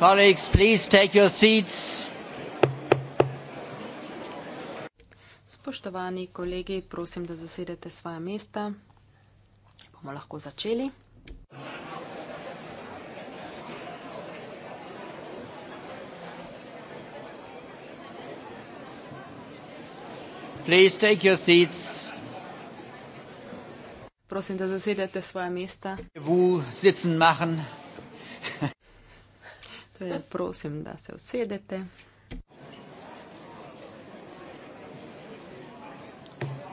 Colleagues, please take your seats. Spoštovani kolegi, prosim, da zasedete svoja mesta. Bomo lahko začeli. Please take your seats. Prosim, da zasedete svoja mesta. Vu sitzen machen. Prosim, da se usedete.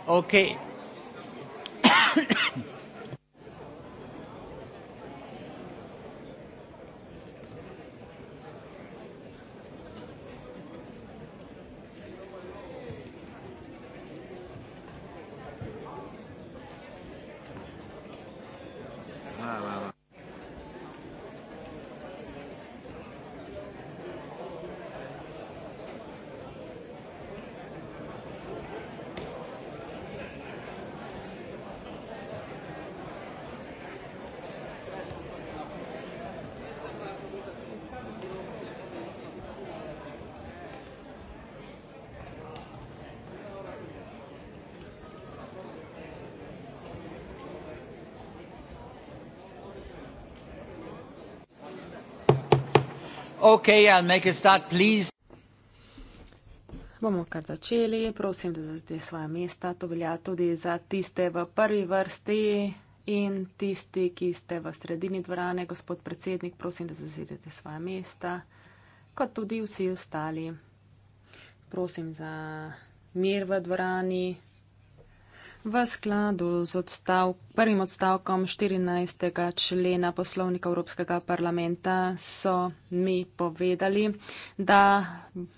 Ok. Okay, I'll make a start, please. Bomo kar začeli. Prosim, da zazdite svoje mesta. To velja tudi za tiste v prvi vrsti in tisti, ki ste v sredini dvorane. Gospod predsednik, prosim, da zazdite svoje mesta, kot tudi vsi ostali. Prosim za mir v dvorani v skladu z odstav, prvim odstavkom 14. člena poslovnika Evropskega parlamenta so mi povedali, da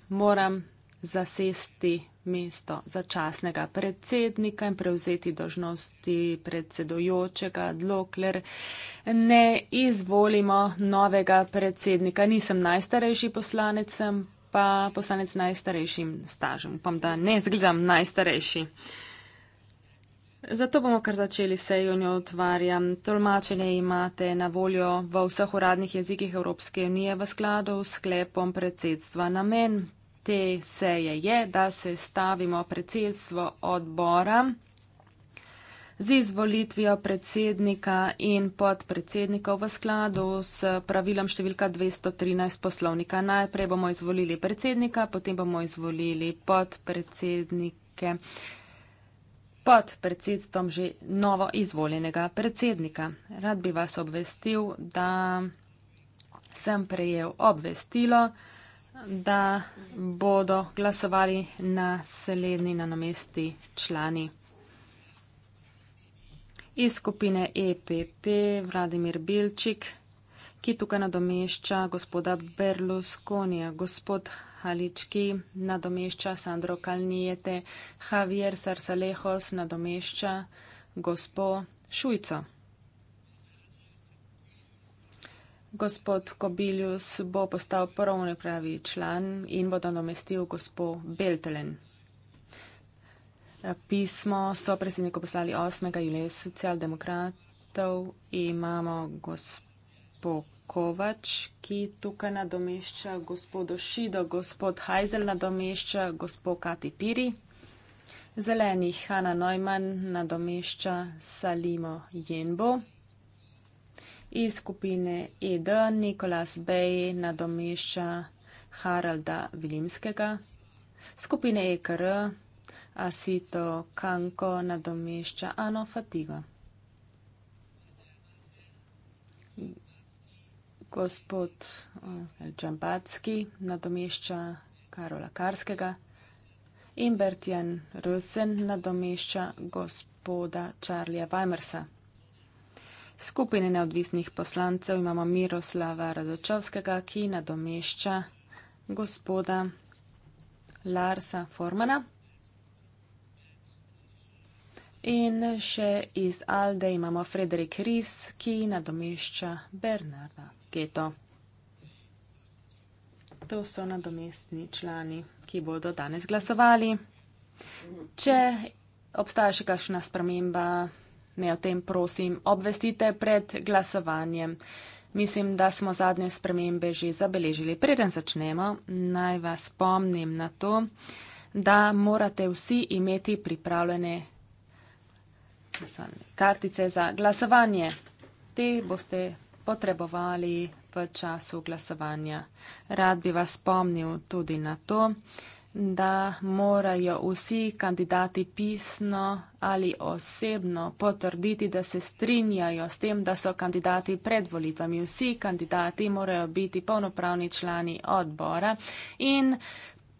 moram zasesti mesto začasnega predsednika in prevzeti dožnosti predsedujočega, dokler ne izvolimo novega predsednika. Nisem najstarejši poslanec, pa poslanec najstarejšim stažem. Upam, da ne izgledam najstarejši. Zato bomo kar začeli sejo njo otvarjam. Tolmačenje imate na voljo v vseh uradnih jezikih Evropske unije v skladu s sklepom predsedstva namen. Te seje je, da se stavimo predsedstvo odbora z izvolitvijo predsednika in podpredsednikov v skladu s pravilom številka 213 poslovnika. Najprej bomo izvolili predsednika, potem bomo izvolili podpredsednike pod predsedstvom že novo izvoljenega predsednika. Rad bi vas obvestil, da sem prejel obvestilo, da bodo glasovali na sledni na namesti člani. Iz skupine EPP Vladimir Bilčik, ki tukaj nadomešča gospoda Berlusconija. Gospod Halički nadomešča Sandro Kalnijete, Javier Sarsalehos nadomešča gospo Šujco. Gospod Kobilius bo postal prvovni pravi član in bo nadomestil gospo Beltelen. Pismo so predsedniku poslali 8. julija socialdemokratov. Imamo gospod Kovač, ki tukaj nadomešča gospodo Šido, gospod Hajzel nadomešča gospod Kati Piri. Zeleni Hanna Neumann nadomešča Salimo Jenbo. Iz skupine ED Nikolas Bej nadomešča Haralda Vilimskega. Skupine EKR Asito Kanko nadomešča Ano Fatigo. gospod eh, Džambatski nadomešča Karola Karskega in Bertjan Rusen nadomešča gospoda Čarlija Weimersa. Skupine neodvisnih poslancev imamo Miroslava Radočovskega, ki nadomešča gospoda Larsa Formana. In še iz Alde imamo Frederik Ries, ki nadomešča Bernarda keto. To so nadomestni člani, ki bodo danes glasovali. Če obstaja še kakšna sprememba, me o tem prosim obvestite pred glasovanjem. Mislim, da smo zadnje spremembe že zabeležili. Preden začnemo, naj vas spomnim na to, da morate vsi imeti pripravljene kartice za glasovanje. Te boste potrebovali v času glasovanja. Rad bi vas spomnil tudi na to, da morajo vsi kandidati pisno ali osebno potrditi, da se strinjajo s tem, da so kandidati pred volitvami. Vsi kandidati morajo biti polnopravni člani odbora in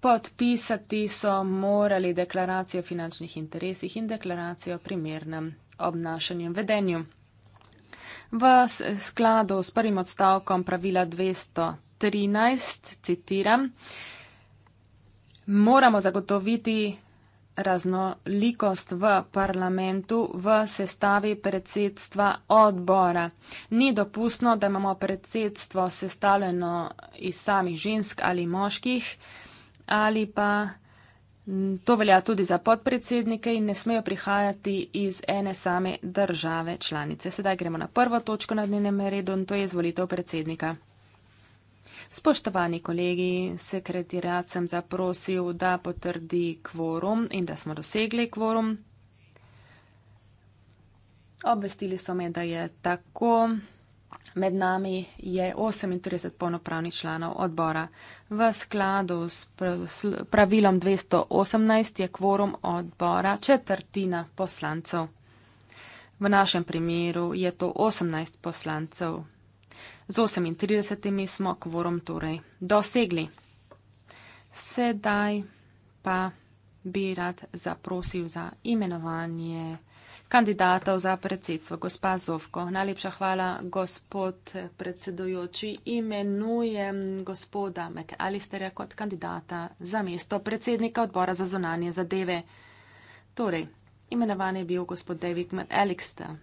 podpisati so morali deklaracijo o finančnih interesih in deklaracijo o primernem obnašanju in vedenju v skladu s prvim odstavkom pravila 213, citiram, moramo zagotoviti raznolikost v parlamentu v sestavi predsedstva odbora. Ni dopustno, da imamo predsedstvo sestavljeno iz samih žensk ali moških ali pa To velja tudi za podpredsednike in ne smejo prihajati iz ene same države članice. Sedaj gremo na prvo točko na dnevnem redu in to je izvolitev predsednika. Spoštovani kolegi, sekretarjat sem zaprosil, da potrdi kvorum in da smo dosegli kvorum. Obvestili so me, da je tako. Med nami je 38 polnopravnih članov odbora. V skladu s pravilom 218 je kvorum odbora četrtina poslancev. V našem primeru je to 18 poslancev. Z 38 smo kvorum torej dosegli. Sedaj pa bi rad zaprosil za imenovanje kandidatov za predsedstvo. Gospa Zovko, najlepša hvala, gospod predsedujoči. Imenujem gospoda McAllisterja kot kandidata za mesto predsednika odbora za zonanje zadeve. Torej, imenovan je bil gospod David McAllister.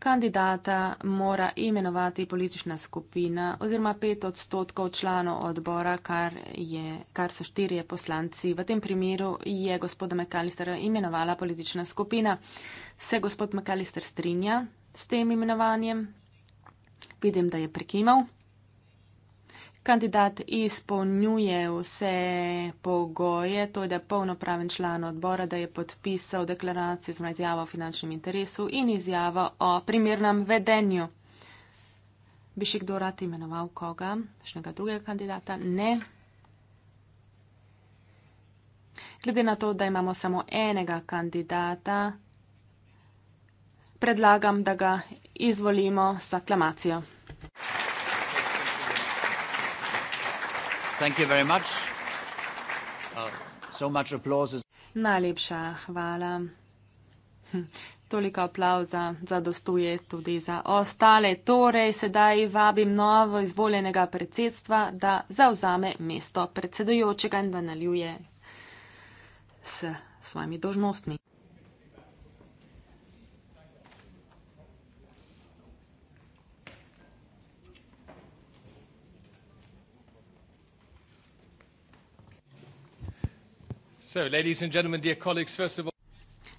Kandidata mora imenovati politična skupina oziroma pet odstotkov članov odbora, kar, je, kar so štirje poslanci. V tem primeru je gospoda McAllistera imenovala politična skupina. Se gospod McAllister strinja s tem imenovanjem? Vidim, da je prekimal kandidat izpolnjuje vse pogoje, to je, da je polnopraven član odbora, da je podpisal deklaracijo z izjavo o finančnem interesu in izjavo o primernem vedenju. Bi še kdo rad imenoval koga, šnega drugega kandidata? Ne. Glede na to, da imamo samo enega kandidata, predlagam, da ga izvolimo s aklamacijo. Uh, Najlepša hvala. Hm, Toliko aplauza zadostuje tudi za ostale. Torej, sedaj vabim novo izvoljenega predsedstva, da zavzame mesto predsedujočega in da naljuje s svojimi dožnostmi.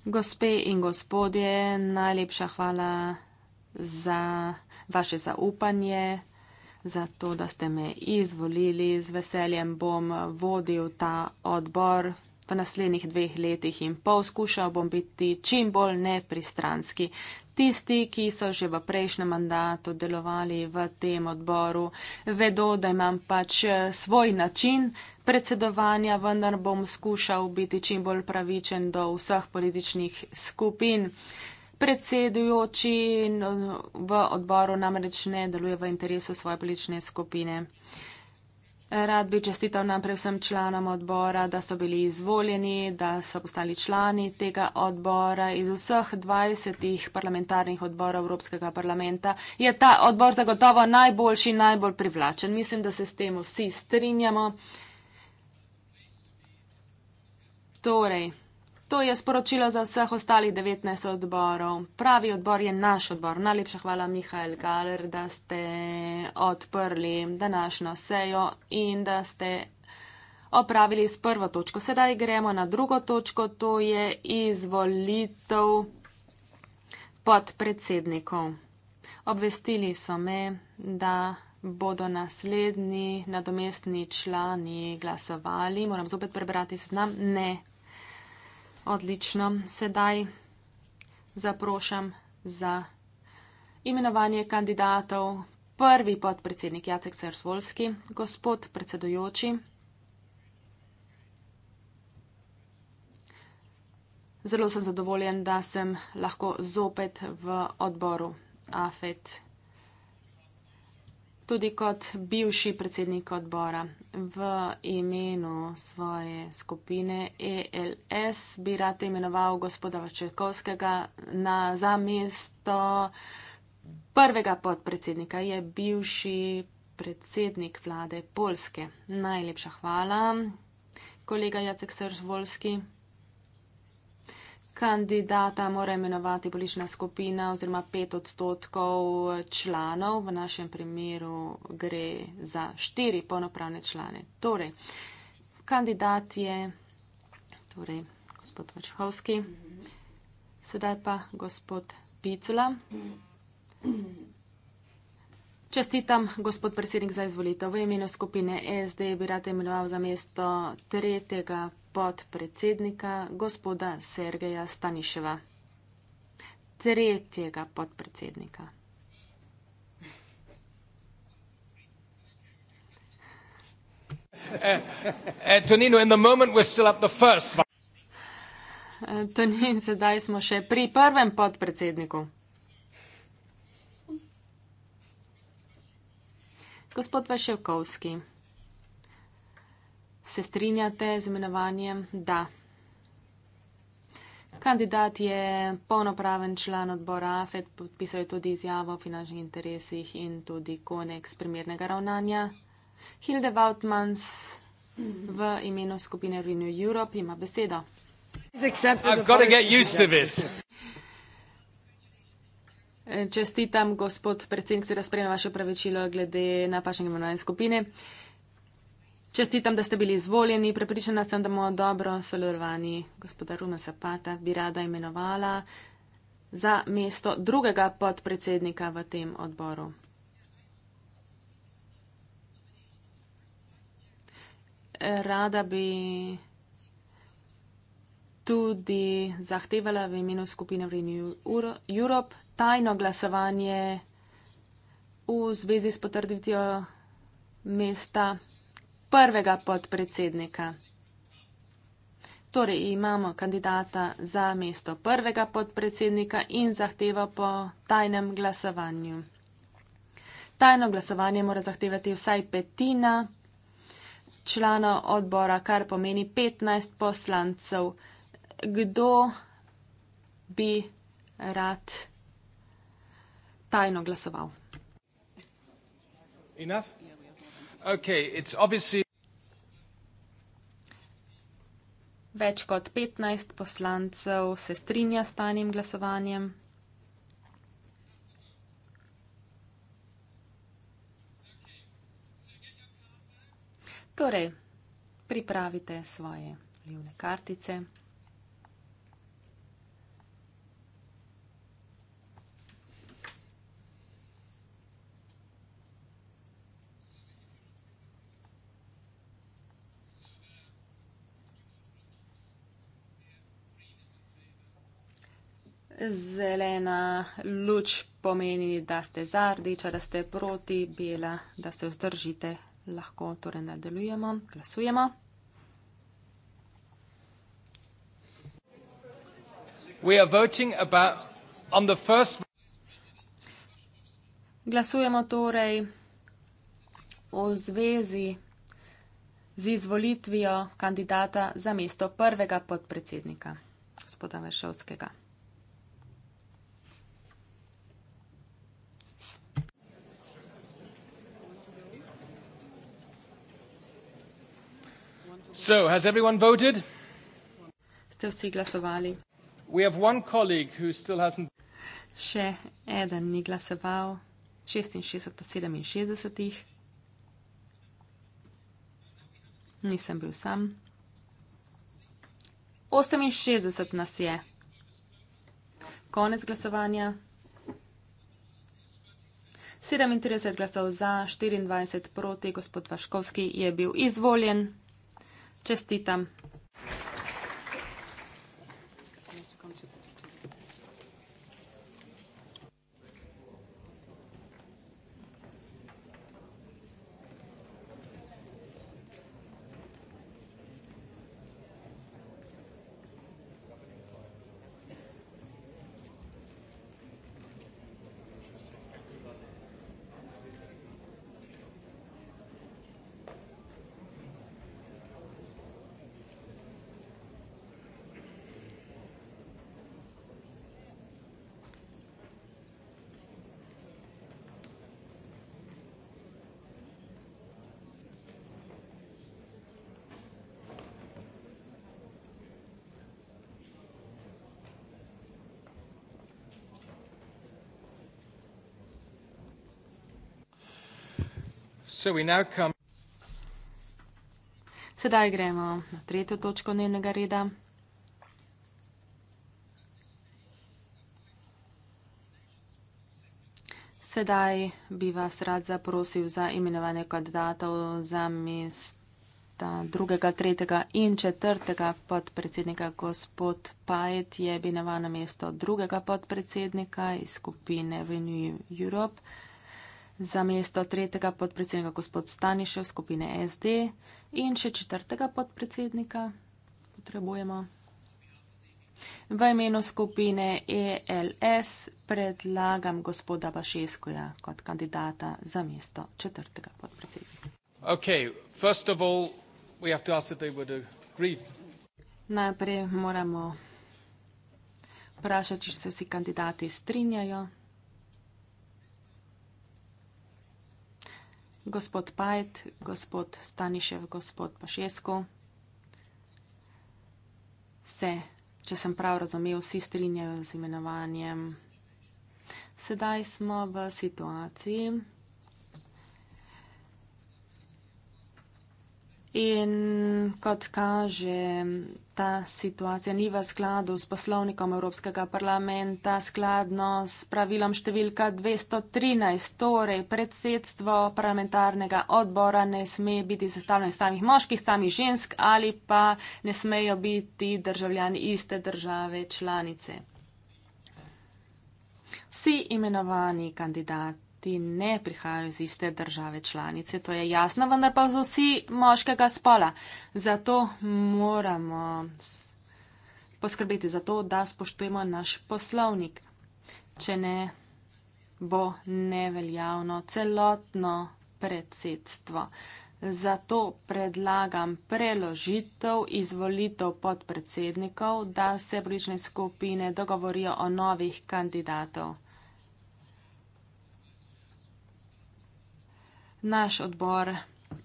Gospe in gospodje, najlepša hvala za vaše zaupanje, za to, da ste me izvolili. Z veseljem bom vodil ta odbor v naslednjih dveh letih in pol. Skušal bom biti čim bolj nepristranski tisti, ki so že v prejšnjem mandatu delovali v tem odboru, vedo, da imam pač eh, svoj način predsedovanja, vendar bom skušal biti čim bolj pravičen do vseh političnih skupin. Predsedujoči eh, v odboru namreč ne deluje v interesu svoje politične skupine. Rad bi čestital najprej vsem članom odbora, da so bili izvoljeni, da so postali člani tega odbora. Iz vseh 20 parlamentarnih odborov Evropskega parlamenta je ta odbor zagotovo najboljši, najbolj privlačen. Mislim, da se s tem vsi strinjamo. Torej, To je sporočilo za vseh ostalih 19 odborov. Pravi odbor je naš odbor. Najlepša hvala, Mihajl Galer, da ste odprli današnjo sejo in da ste opravili s prvo točko. Sedaj gremo na drugo točko, to je izvolitev podpredsednikov. Obvestili so me, da bodo naslednji nadomestni člani glasovali. Moram zopet prebrati seznam. Ne, Odlično. Sedaj zaprošam za imenovanje kandidatov. Prvi podpredsednik Jacek Sersvolski, gospod predsedujoči. Zelo sem zadovoljen, da sem lahko zopet v odboru AFET tudi kot bivši predsednik odbora. V imenu svoje skupine ELS bi rad imenoval gospoda Vačekovskega na za mesto prvega podpredsednika, je bivši predsednik vlade Polske. Najlepša hvala, kolega Jacek Sržvolski kandidata mora imenovati politična skupina oziroma pet odstotkov članov, v našem primeru gre za štiri polnopravne člane. Torej, kandidat je torej, gospod Vrčhovski, sedaj pa gospod Picula. Čestitam, gospod predsednik, za izvolitev. V imenu skupine SD bi rad imenoval za mesto tretjega podpredsednika gospoda Sergeja Staniševa. Tretjega podpredsednika. Uh, uh, Tonin, sedaj smo še pri prvem podpredsedniku. Gospod Vaševkovski. Se strinjate z imenovanjem? Da. Kandidat je polnopraven član odbora AFED, podpisal je tudi izjavo o finančnih interesih in tudi koneks primernega ravnanja. Hilde Vautmans v imenu skupine Renew Europe ima besedo. Čestitam, gospod predsednik, se razprejem vaše pravičilo glede napačnega imenovanja skupine. Uh, Čestitam, da ste bili izvoljeni. Prepričana sem, da bomo dobro sodelovali. Gospoda Rume Zapata bi rada imenovala za mesto drugega podpredsednika v tem odboru. Rada bi tudi zahtevala v imenu skupine Renew Europe tajno glasovanje v zvezi s potrditvijo mesta prvega podpredsednika. Torej imamo kandidata za mesto prvega podpredsednika in zahteva po tajnem glasovanju. Tajno glasovanje mora zahtevati vsaj petina člana odbora, kar pomeni 15 poslancev. Kdo bi rad tajno glasoval? Enough. Okay, it's obviously... Več kot 15 poslancev se strinja s tajnim glasovanjem. Torej, pripravite svoje vljivne kartice. Zelena luč pomeni, da ste za, rdeča, da ste proti, bela, da se vzdržite. Lahko torej nadaljujemo, glasujemo. First... Glasujemo torej o zvezi z izvolitvijo kandidata za mesto prvega podpredsednika, gospoda Vršovskega. So, has everyone voted? Ste vsi glasovali? We have one colleague who still hasn't. Še eden ni glasoval. 66 do 67. Nisem bil sam. 68 nas je. Konec glasovanja. 37 glasov za, 24 proti, gospod Vaškovski je bil izvoljen. Čestitam. Sedaj gremo na tretjo točko dnevnega reda. Sedaj bi vas rad zaprosil za imenovanje kandidatov za mesta drugega, tretjega in četrtega podpredsednika. Gospod Pajet je imenovan na mesto drugega podpredsednika iz skupine Renew Europe za mesto tretjega podpredsednika gospod Stanišev skupine SD in še četrtega podpredsednika potrebujemo. V imenu skupine ELS predlagam gospoda Bašeskoja kot kandidata za mesto četrtega podpredsednika. Okay, Najprej moramo vprašati, če se vsi kandidati strinjajo. gospod Pajt, gospod Stanišev, gospod Pašesko, se, če sem prav razumel, vsi strinjajo z imenovanjem. Sedaj smo v situaciji, In kot kaže, ta situacija ni v skladu s poslovnikom Evropskega parlamenta, skladno s pravilom številka 213. Torej, predsedstvo parlamentarnega odbora ne sme biti sestavljeno samih moških, samih žensk ali pa ne smejo biti državljani iste države članice. Vsi imenovani kandidati ti ne prihajajo iz iste države članice, to je jasno, vendar pa so vsi moškega spola. Zato moramo poskrbeti za to, da spoštujemo naš poslovnik. Če ne, bo neveljavno celotno predsedstvo. Zato predlagam preložitev izvolitev podpredsednikov, da se brižne skupine dogovorijo o novih kandidatov. Naš odbor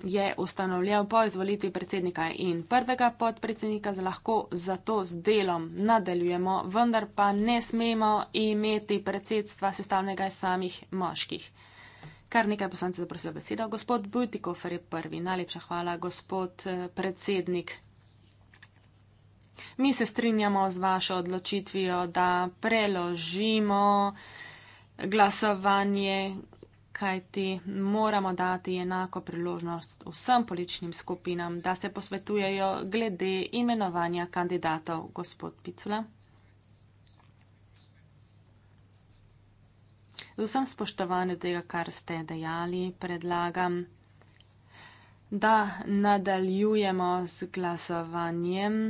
je ustanovljal po izvolitvi predsednika in prvega podpredsednika, lahko zato z delom nadaljujemo, vendar pa ne smemo imeti predsedstva sestavnega iz samih moških. Kar nekaj poslancev zaprosil besedo. Gospod Bujtikofer je prvi. Najlepša hvala, gospod eh, predsednik. Mi se strinjamo z vašo odločitvijo, da preložimo glasovanje kajti moramo dati enako priložnost vsem političnim skupinam, da se posvetujejo glede imenovanja kandidatov, gospod Picula. Z vsem spoštovanjem tega, kar ste dejali, predlagam, da nadaljujemo z glasovanjem.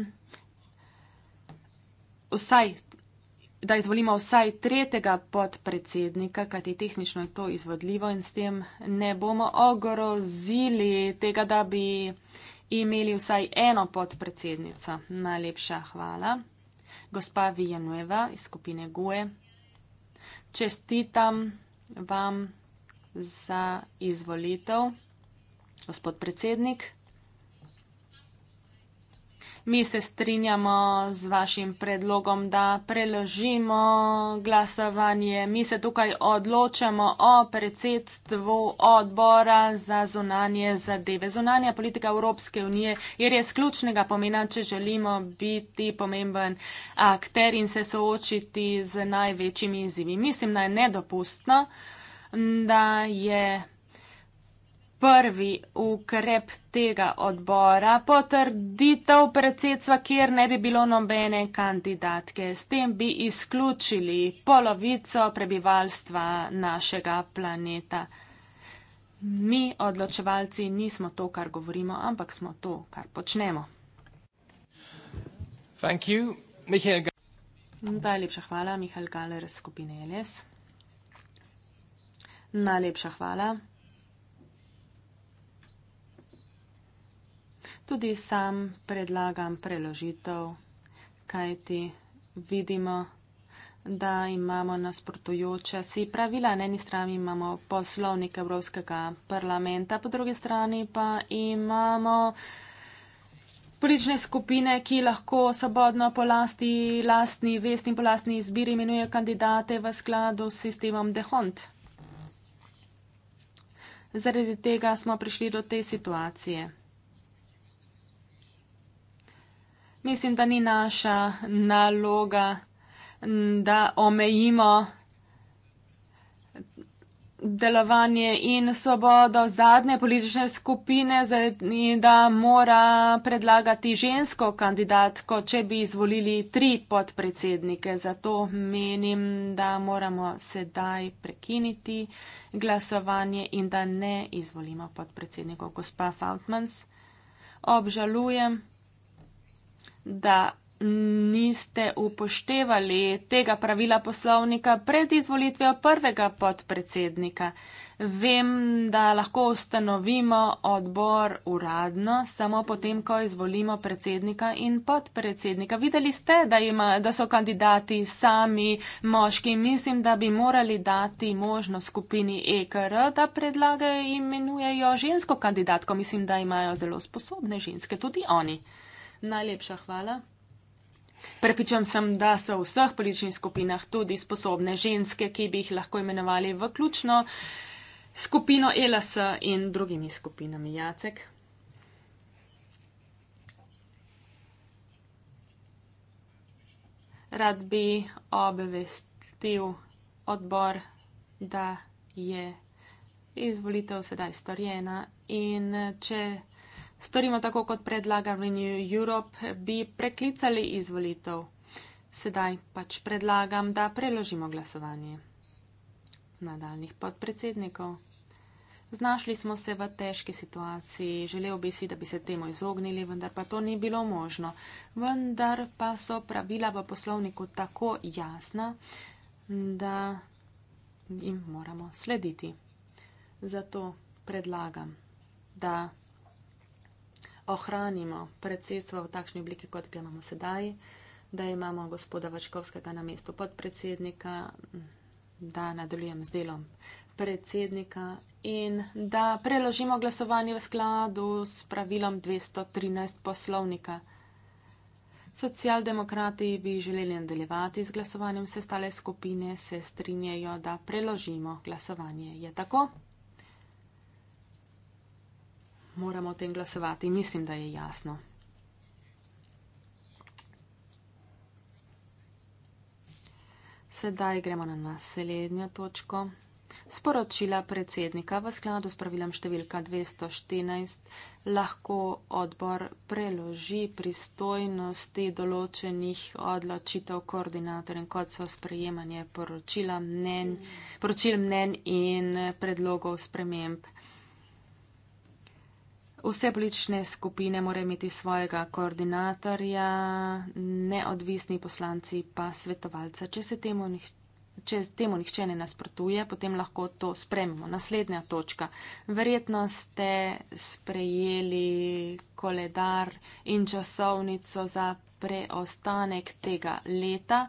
Vsaj da izvolimo vsaj tretjega podpredsednika, kajti tehnično je to izvodljivo in s tem ne bomo ogrozili tega, da bi imeli vsaj eno podpredsednico. Najlepša hvala. Gospa Vijanueva iz skupine GUE, čestitam vam za izvolitev, gospod predsednik. Mi se strinjamo z vašim predlogom, da preložimo glasovanje. Mi se tukaj odločamo o predsedstvu odbora za zunanje zadeve. Zunanja politika Evropske unije je res ključnega pomena, če želimo biti pomemben akter in se soočiti z največjimi izzivi. Mislim, da je nedopustno, da je prvi ukrep tega odbora potrditev predsedstva, kjer ne bi bilo nobene kandidatke. S tem bi izključili polovico prebivalstva našega planeta. Mi, odločevalci, nismo to, kar govorimo, ampak smo to, kar počnemo. Najlepša hvala, Mihael Galer, skupine LS. Najlepša hvala. Tudi sam predlagam preložitev, kajti vidimo, da imamo nasprotujoče si pravila. Na eni strani imamo poslovnik Evropskega parlamenta, po drugi strani pa imamo politične skupine, ki lahko svobodno po lasti, lastni vesti in po lastni izbiri imenujejo kandidate v skladu s sistemom Dehont. Zaradi tega smo prišli do te situacije. mislim, da ni naša naloga, da omejimo delovanje in svobodo zadnje politične skupine, da mora predlagati žensko kandidatko, če bi izvolili tri podpredsednike. Zato menim, da moramo sedaj prekiniti glasovanje in da ne izvolimo podpredsednikov. Gospa Fautmans, obžalujem da niste upoštevali tega pravila poslovnika pred izvolitvijo prvega podpredsednika. Vem, da lahko ustanovimo odbor uradno, samo potem, ko izvolimo predsednika in podpredsednika. Videli ste, da, ima, da so kandidati sami moški. Mislim, da bi morali dati možno skupini EKR, da predlagajo in imenujejo žensko kandidatko. Mislim, da imajo zelo sposobne ženske, tudi oni. Najlepša hvala. Prepričam sem, da so v vseh političnih skupinah tudi sposobne ženske, ki bi jih lahko imenovali v ključno skupino e LS in drugimi skupinami Jacek. Rad bi obvestil odbor, da je izvolitev sedaj storjena in če. Storimo tako, kot predlaga Renew Europe, bi preklicali izvolitev. Sedaj pač predlagam, da preložimo glasovanje nadaljnih podpredsednikov. Znašli smo se v težki situaciji, želel bi si, da bi se temu izognili, vendar pa to ni bilo možno. Vendar pa so pravila v poslovniku tako jasna, da jim moramo slediti. Zato predlagam, da ohranimo predsedstvo v takšni obliki, kot ga imamo sedaj, da imamo gospoda Vačkovskega na mestu podpredsednika, da nadaljujem z delom predsednika in da preložimo glasovanje v skladu s pravilom 213 poslovnika. Socialdemokrati bi želeli nadaljevati z glasovanjem, vse stale skupine se strinjajo, da preložimo glasovanje. Je tako? moramo o tem glasovati. Mislim, da je jasno. Sedaj gremo na naslednjo točko. Sporočila predsednika v skladu s pravilom številka 214 lahko odbor preloži pristojnosti določenih odločitev koordinatorjem, kot so sprejemanje poročila mnen, poročil mnen in predlogov sprememb vse politične skupine morajo imeti svojega koordinatorja, neodvisni poslanci pa svetovalca. Če se temu, če temu nihče ne nasprotuje, potem lahko to spremimo. Naslednja točka. Verjetno ste sprejeli koledar in časovnico za preostanek tega leta.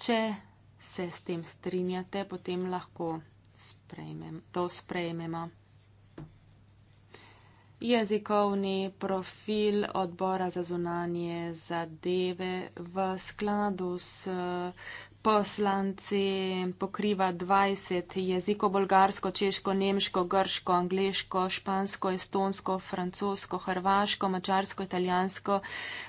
Če se s tem strinjate, potem lahko sprejmem, to sprejmemo jezikovni profil odbora za zunanje zadeve v skladu s poslanci pokriva 20 jezikov bolgarsko, češko, nemško, grško, angliško, špansko, estonsko, francosko, hrvaško, mačarsko, italijansko,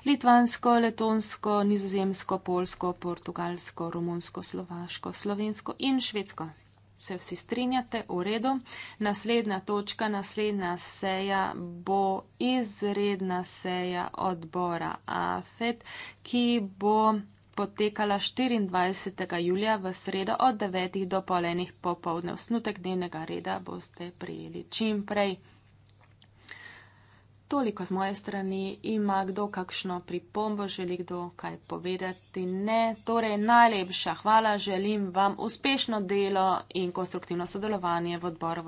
litvansko, letonsko, nizozemsko, polsko, portugalsko, romunsko, slovaško, slovensko in švedsko. Se vsi strinjate? V redu. Naslednja točka, naslednja seja bo izredna seja odbora AFET, ki bo potekala 24. julija v sredo od 9. do polenih popovdne. Snutek dnevnega reda boste prijeli čim prej toliko z moje strani, ima kdo kakšno pripombo, želi kdo kaj povedati. Ne, torej najlepša hvala, želim vam uspešno delo in konstruktivno sodelovanje v odboru.